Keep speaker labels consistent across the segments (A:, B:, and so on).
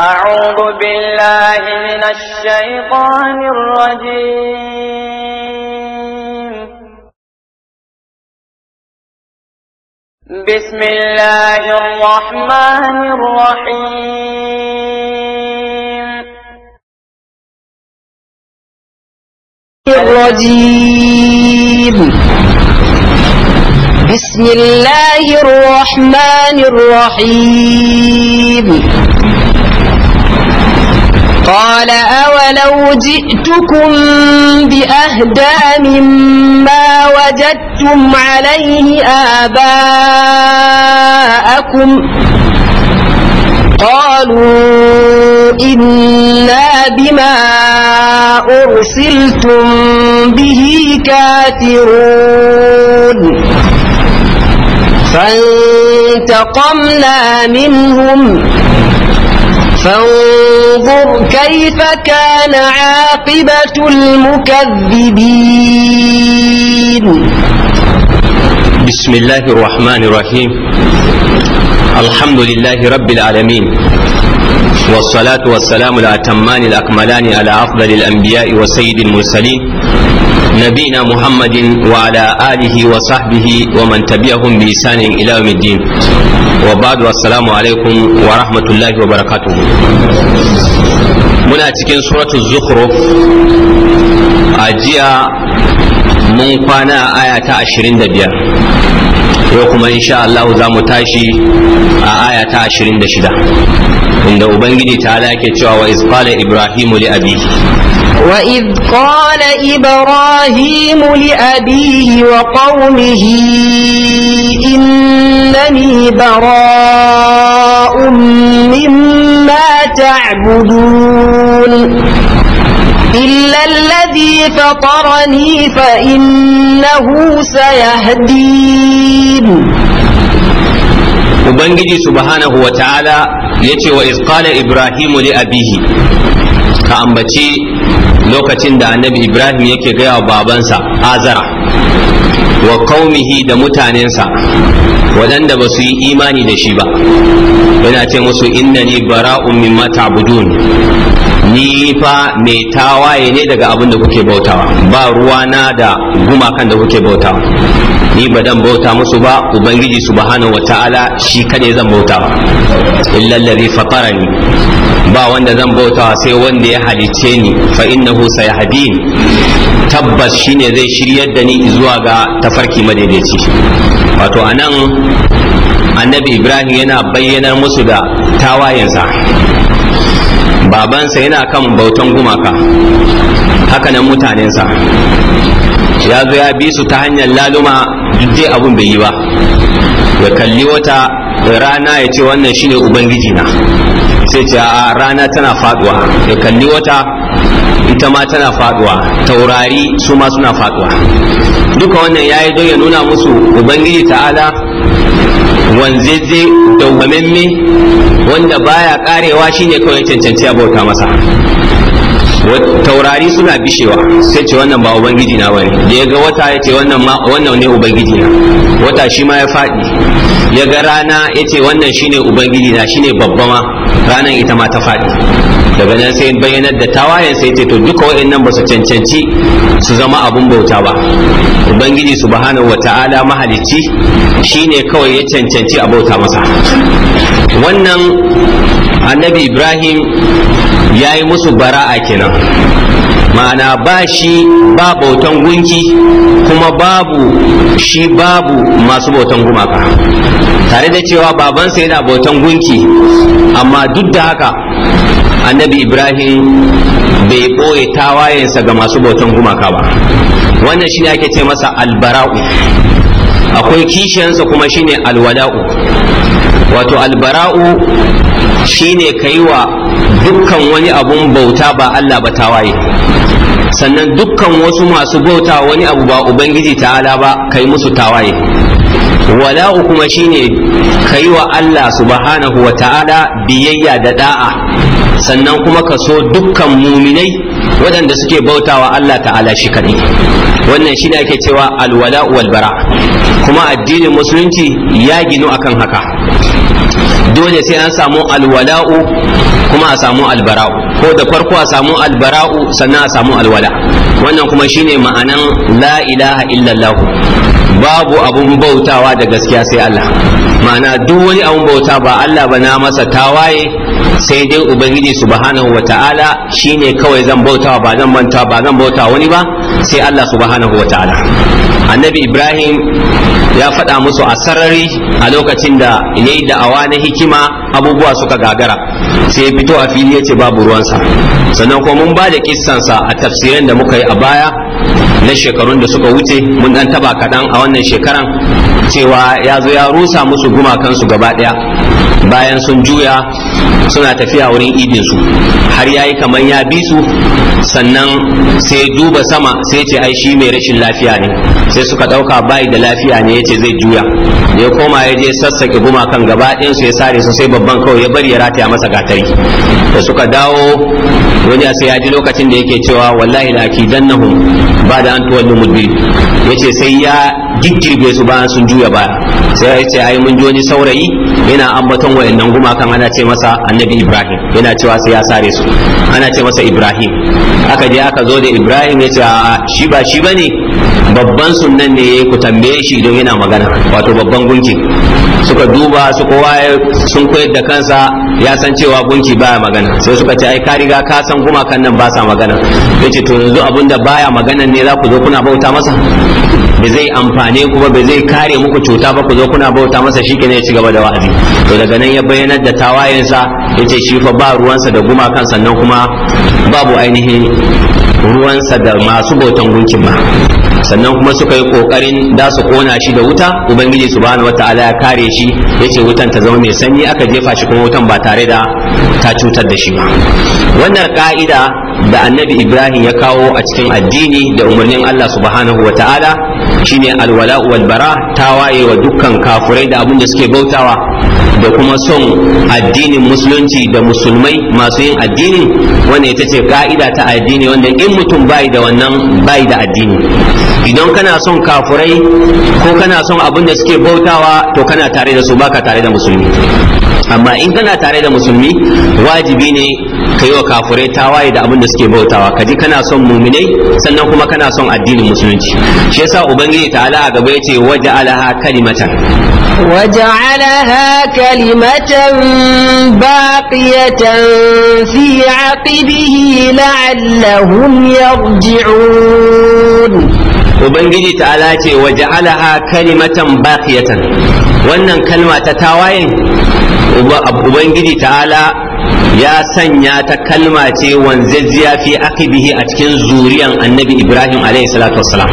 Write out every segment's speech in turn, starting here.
A: أعوذ بالله من الشيطان الرجيم بسم الله الرحمن الرحيم الرجيم بسم الله الرحمن الرحيم قال أولو جئتكم بأهدى مما وجدتم عليه آباءكم قالوا إنا بما أرسلتم به كافرون فانتقمنا منهم فانظر كيف كان عاقبة المكذبين بسم الله الرحمن الرحيم الحمد لله رب العالمين والصلاة والسلام الأتمان الأكملان على أفضل الأنبياء وسيد المرسلين نبينا محمد وعلى آله وصحبه ومن تبعهم بإحسان إلى يوم الدين وبعد والسلام عليكم ورحمة الله وبركاته muna cikin suratul zukhruf a jiya mun kwana a aya ta 25 yau kuma insha Allah za mu tashi a aya ta shida, inda ubangiji ta ke cewa wa isqala ibrahimu li وإذ قال إبراهيم لأبيه وقومه إنني براء مما تعبدون إلا الذي فطرني فإنه سيهدين Ubangiji subhanahu wa ta'ala ya ce wa izqala Ibrahimu li abihi ka ambaci lokacin da annabi ibrahim yake gaya wa babansa azara wa kaumihi da mutanensa waɗanda ba su yi imani da shi ba yana ce musu innani bara'un mata ta'budun ni fa mai tawaye ne daga abin da kuke bautawa ba na da gumakan da kuke bautawa ni ba dan bauta musu ba ubangiji subhanahu wataala shi kade zan bautawa illa allazi fatarani ba wanda zan bautawa sai wanda ya halicce ni fa innahu sayahdin tabbas shine zai shiryar da ni zuwa ga tafarki madaidaici wato anan annabi ibrahim yana bayyanar musu da tawayensa babansa yana kan bautan gumaka haka hakanan mutanensa ya zo ya bi su ta hanyar laluma duk dai abun bai yi ba ya kalli wata rana ya ce wannan shine ubangiji na sai ce a rana tana faduwa ya kalli wata ita ma tana faduwa taurari su ma suna faduwa duka wannan yayi don ya nuna musu ubangiji ta'ala wanzeze dawwamemme wanda baya karewa shine kawai cancanci bauta masa taurari suna bishewa sai ce wannan ba ubangiji na bane da ya ga wata ya ce wannan ne ubangiji na wata shi ma ya faɗi ya ga rana ya wannan shine ubangiji na shine babba ma ranar ita ma ta faɗi daga nan sai bayyanar da tawayen sai ce to duka waɗannan ba su cancanci su zama abun bauta ba ubangiji subhanahu wata'ala mahalicci shine kawai ya cancanci a bauta masa wannan annabi ibrahim ya yi musu bara'a kenan ma'ana ba shi ba bautan gunki kuma babu shi babu masu bautan gumaka tare da cewa babansa yana bautan gunki amma duk da haka annabi ibrahim bai ɓoye tawayensa ga masu bautan gumaka ba wannan shine ake ce masa albara'u akwai kishiyansa kuma shine alwada'u wato albara'u shine kai wa dukkan wani abun bauta ba Allah ba tawaye sannan dukkan wasu masu bauta wani abu ba ubangiji ta'ala ba kai musu tawaye wala'u kuma shine kai wa Allah subhanahu wa ta'ala biyayya da da'a sannan kuma ka so dukkan muminai waɗanda suke bautawa Allah ta'ala shi kaɗai wannan shi shine ake cewa alwala wal bara kuma addinin musulunci ya ginu akan haka dole sai an samu alwala'u kuma a samu albara'u ko da farko a samu albara'u sannan a samu alwala wannan kuma shine ma'anan la ilaha illallah babu abun bautawa da gaskiya sai Allah ma'ana duk wani abun bauta ba Allah ba na masa tawaye sai dai ubangiji subhanahu wata'ala shine kawai zan bautawa ba zan manta ba zan bautawa wani ba sai Allah subhanahu wata'ala annabi Ibrahim ya faɗa musu a sarari a lokacin da ya yi da'awa na hikima abubuwa suka gagara sai ya fito a fili ya ce babu ruwansa sannan kuma mun ba da kissansa a tafsirin da muka yi a baya na shekarun da suka wuce mun dan taba kaɗan a wannan shekaran cewa ya zo ya rusa musu gumakansu gaba ɗaya bayan sun juya suna tafiya wurin idin su har yayi kamar ya bi su sannan sai duba sama sai ce ai shi mai rashin lafiya ne sai suka ɗauka bai da lafiya ne yace zai juya ya koma ya je sassake gumakan gaba ɗin su ya sare su sai babban kawai ya bari ya rataya masa gatari da suka dawo wani sai ya ji lokacin da yake cewa wallahi la nahu ba da an tuwallu mudbir ce sai ya giggirbe su bayan sun juya baya sai ya ce ai mun ji wani saurayi yana ambaton wayannan gumakan ana ce masa annabi ibrahim yana cewa sai ya sare su ana ce masa ibrahim aka je aka zo da ibrahim ya ce shi ba shi bane babban sunan ne ku tambaye shi don yana magana wato babban gunki suka duba su kowa sun koyar da kansa ya san cewa gunki baya magana sai suka ce ai ka riga ka san gumakan nan ba sa magana yace to yanzu abinda baya magana ne za ku zo kuna bauta masa ba zai amfane ku ba ba zai kare muku cuta ba ku zo kuna bauta masa shi ne ya ci gaba da wa'azi to daga nan ya bayyanar da tawayensa yace shi fa ba ruwansa da gumakan sannan kuma babu ainihin ruwansa da masu bautan gunkin ba sannan kuma suka yi kokarin da su kona shi da wuta ubangiji subhanahu wataala ya kare shi yace wutan ta zama mai sanyi aka jefa shi kuma wutan ba tare da ta cutar da shi ba wannan ka'ida da annabi ibrahim ya kawo a cikin addini da umarnin allah subhanahu wataala shine alwala wal bara tawaye wa dukkan kafurai da abin da suke bautawa da kuma son addinin musulunci da musulmai masu yin addini wanda ita ce ka'ida ta addini wanda in mutum bai da wannan bai da addini idan kana son kafurai ko kana son abin da suke bautawa to kana tare da su baka tare da musulmi amma in kana tare da musulmi wajibi ne ka yi wa kafurai tawaye da abin da suke bautawa ka ji kana son muminai sannan kuma kana son addinin musulunci shi yasa ubangiji ta a gaba yace alaha kalimatan وجعلها كلمة باقية في عقبه لعلهم يرجعون ubangiji ala ce waje alaha kalimatan baqiyatan wannan kalma ta tawayen ubangiji ala. ya sanya ta kalma ce wanzajjiya fi aqibihi a cikin zuriyan annabi ibrahim alaihi salatu wassalam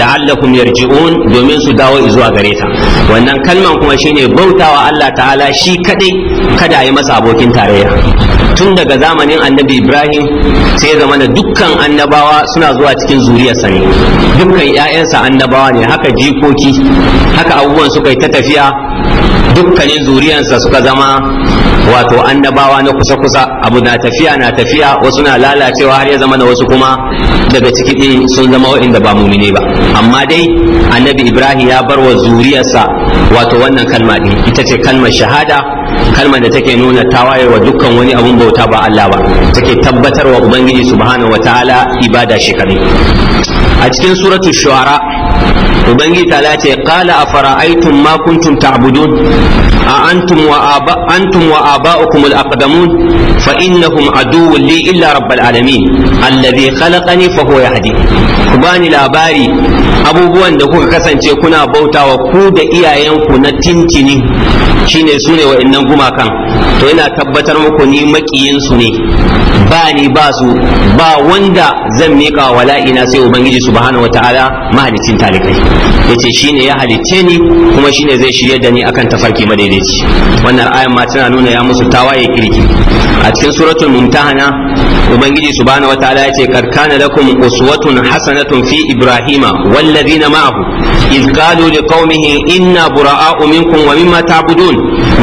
A: la'allahum yarji'un domin su dawo zuwa gare ta wannan kalman kuma shine bautawa Allah ta'ala shi kadai kada a yi masa abokin tarayya tun daga zamanin annabi ibrahim sai zama da dukkan annabawa suna zuwa cikin zuriyarsa ne dukkan 'ya'yansa annabawa ne haka jikoki haka abubuwan suka yi ta tafiya dukkanin zuriyarsa suka zama wato annabawa na kusa-kusa abu na tafiya na tafiya wasu na lalacewa har ya zama da wasu kuma daga ciki ɗin sun zama waɗanda ba mumine ba amma dai annabi ibrahim ya bar wa zuriyarsa wato wannan kalma ɗin ita ce kalmar shahada kalmar da take nuna tawaye wa dukkan wani abun bauta ba Allah ba take tabbatar wa ubangiji subhanahu wataala ibada shi kadai a cikin suratul shu'ara ubangiji ta ce qala afara'aytum ma kuntum ta'budun a antum wa aba antum wa aba'ukum al-aqdamun fa innahum aduwwun li illa rabbil alamin alladhi khalaqani fa huwa yahdi ku bani labari abubuwan da kuka kasance kuna bautawa ku da iyayenku na tintini shine su ne wa'annan gumakan to yana tabbatar muku ni makiyin su ne ba ni ba su ba wanda zan mika wa wala'ina sai ubangiji subhanahu wataala mahalicin talikai yace shine ya halicce ni kuma shine zai shiryar da ni akan tafarki madaidaici wannan ayan ma tana nuna ya musu tawaye kirki a cikin suratul mumtahana ubangiji subhanahu wataala yace kad lakum uswatun hasanatun fi ibrahima wallazina ma'ahu إذ قالوا لقومه إنا براء منكم ومما تعبدون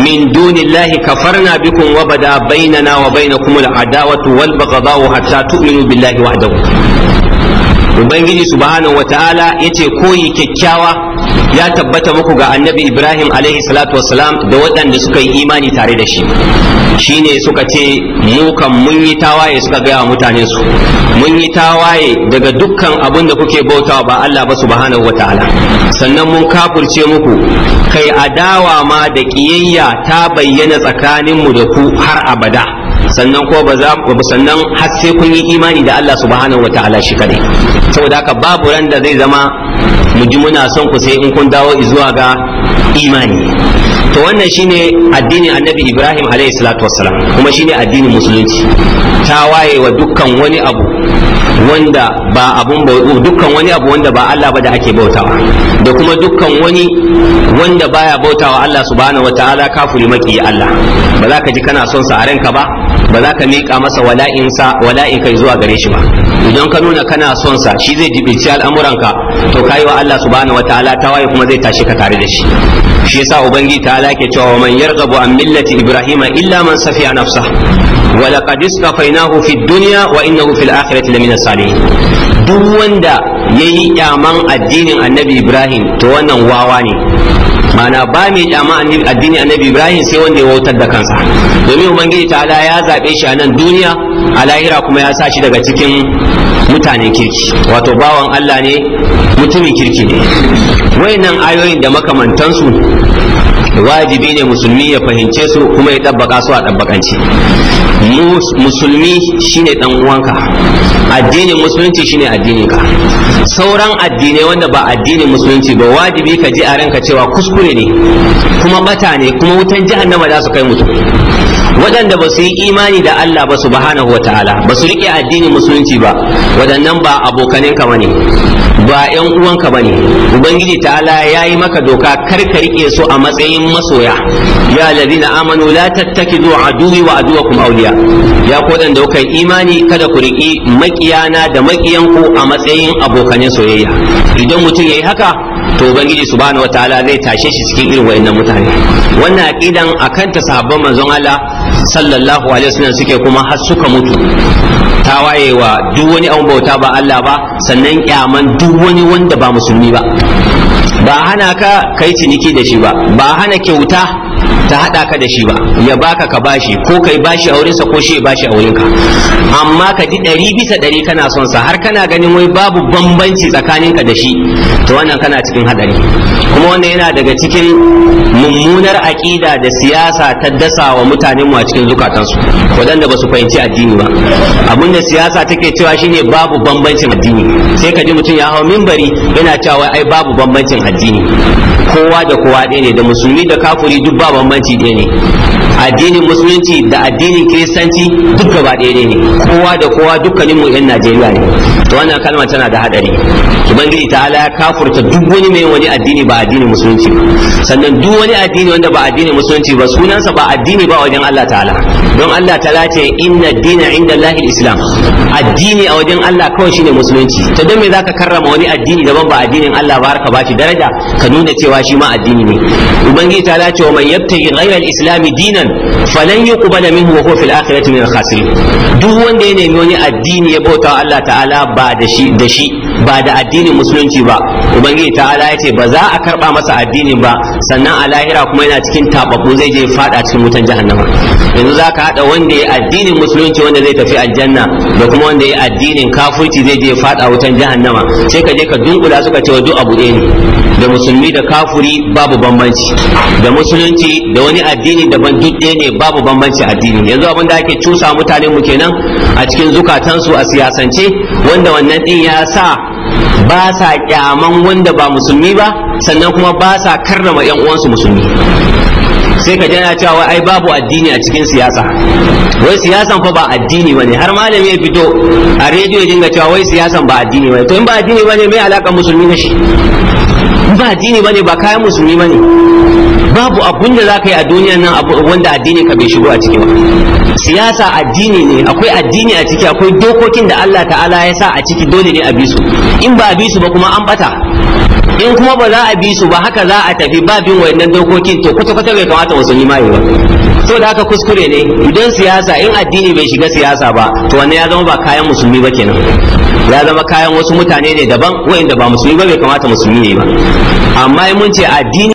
A: من دون الله كفرنا بكم وبدا بيننا وبينكم العداوة والبغضاء حتى تؤمنوا بالله وحده ubangiji subhanahu wataala yace koyi kyakkyawa ya tabbata muku ga annabi ibrahim alaihi salatu wassalam da waɗanda suka yi imani tare da shi shine suka ce mu kan mun yi tawaye suka gaya wa mutane su mun yi tawaye daga dukkan abin da kuke bautawa ba Allah ba subhanahu wataala sannan mun kafurce muku kai adawa ma da kiyayya ta bayyana tsakanin mu da ku har abada sannan ko ba za sannan har sai kun yi imani da Allah subhanahu wataala shi kadai saboda haka babu ran da zai zama mu ji muna son ku sai in kun dawo zuwa ga imani to wannan shine addinin annabi Ibrahim alayhi salatu wassalam kuma shine addinin musulunci ta waye wa dukkan wani abu wanda ba abun ba dukkan wani abu wanda ba Allah ba da ake bautawa da kuma dukkan wani wanda baya bautawa Allah subhanahu wataala kafuri maki Allah ba za ka ji kana son sa a ranka ba ba za ka miƙa masa wala'insa wala'in kai zuwa gare shi ba idan ka nuna kana son sa shi zai jibilci al'amuranka to yi wa Allah subhanahu wataala tawaye kuma zai tashi ka tare da shi shi yasa ubangi ta ke cewa man yarghabu an millati ibrahima illa man safiya nafsa wa laqad istafainahu fid dunya wa innahu fil akhirati lamina salihin duk wanda yayi kyaman addinin annabi ibrahim to wannan wawa ne mana ba mai kyama addini annabi ibrahim sai wanda ya wautar da kansa domin ubangiji ta'ala ya zaɓe shi a nan duniya a lahira kuma ya sa shi daga cikin mutanen kirki wato bawan allah ne mutumin kirki ne wayannan ayoyin da makamantansu wajibi ne musulmi ya fahimce su kuma ya ɗabbaka su a ɗabbakanci musulmi shine ɗan uwanka addinin musulunci shine addininka. sauran addinai wanda ba addinin musulunci ba wajibi ka ji a ranka cewa kuskure ne kuma bata ne kuma wutan jahannama za su kai mutum waɗanda ba su yi imani da Allah ba subhanahu wa ta'ala ba su riƙe addinin musulunci ba waɗannan ba abokanin ka bane ba yan uwanka ba bane ubangiji ta'ala yi maka doka kar ka rike su a matsayin masoya ya ladina amanu la tattakidu aduwi wa aduwakum awliya ya ko dan da imani kada ku riki makiyana da makiyanku a matsayin abokanin soyayya idan mutum yayi haka to ubangiji subhanahu wataala zai tashe shi cikin irin wayannan mutane wannan aqidan akan ta sahabban manzon Allah sallallahu alaihi wasallam suke kuma har suka mutu wayewa duk wani abun bauta ba Allah ba sannan kyaman duk wani wanda ba musulmi ba ba hana ka kai ciniki da shi ba ba hana kyauta ta hada ka da shi ba ya baka ka bashi ko kai bashi a wurinsa ko shi ya bashi a wurinka amma ka ji ɗari bisa ɗari kana son sa har kana ganin wai babu bambanci tsakanin ka da shi to wannan kana cikin hadari kuma wannan yana daga cikin mummunar aƙida da siyasa ta dasa wa mutanen mu a cikin zukatansu waɗanda ba su fahimci addini ba abin da siyasa take cewa shine babu bambancin addini sai ka ji mutum ya hau mimbari yana cewa ai babu bambancin addini kowa da kowa ɗaya ne da musulmi da kafuri duk babu bambanci ɗaya ne addinin musulunci da addinin kiristanci duk gaba ɗaya ne kowa da kowa dukkanin mu 'yan najeriya ne to wannan kalma tana da hadari ubangiji ta ala ya kafurta duk wani mai wani addini ba addinin musulunci sannan duk wani addini wanda ba addinin musulunci ba sunansa ba addini ba wajen Allah ta'ala don Allah ta'ala ce inna dina inda Allah islam addini a wajen Allah kawai shine musulunci to don me zaka karrama wani addini daban ba addinin Allah ba ka shi daraja ka nuna cewa shi ma addini ne ubangiji ala ce wa man yabtaghi ghayra al-islam dinan falan yuqbala minhu wa huwa fil akhirati min al-khasirin duk wanda ya nemi wani addini ya bauta Allah ta'ala ba da shi da shi ba da addinin musulunci ba ubangiji ta'ala ya ce ba za a karba masa addinin ba sannan a lahira kuma yana cikin tababbu zai je fada cikin wutan jahannama yanzu za ka haɗa wanda ya addinin musulunci wanda zai tafi aljanna da kuma wanda ya addinin kafurci zai je fada wutan jahannama sai ka je ka dunkula suka ce wa duk abu ɗaya ne da musulmi da kafuri babu bambanci da musulunci da wani addini daban duk ɗaya ne babu bambanci addini yanzu abin da ake cusa mutane mu kenan a cikin zukatansu a siyasance wanda wannan din ya sa ba sa kyaman wanda ba musulmi ba sannan kuma ba sa karrama yan uwansu musulmi sai ka jana cewa ai babu addini a cikin siyasa wai siyasan fa ba addini bane har malami ya fito a rediyo ya dinga cewa wai siyasan ba addini bane to in ba addini bane mai alaka musulmi da shi ba addini bane ba kayan musulmi bane babu abun da zaka yi a duniya nan wanda addini ka bai shigo a ciki ba siyasa addini ne akwai addini a ciki akwai dokokin da Allah ta'ala ya sa a ciki dole ne a bi su in ba a bi su ba kuma an bata in kuma ba za a bi su ba haka za a tafi ba bin wayannan dokokin to kwata kwata bai kamata musulmi ma yi ba so da haka kuskure ne idan siyasa in addini bai shiga siyasa ba to wannan ya zama ba kayan musulmi ba kenan ya zama kayan wasu mutane ne daban wa'inda ba musulmi ba bai kamata musulmi ne ba amma in mun ce addini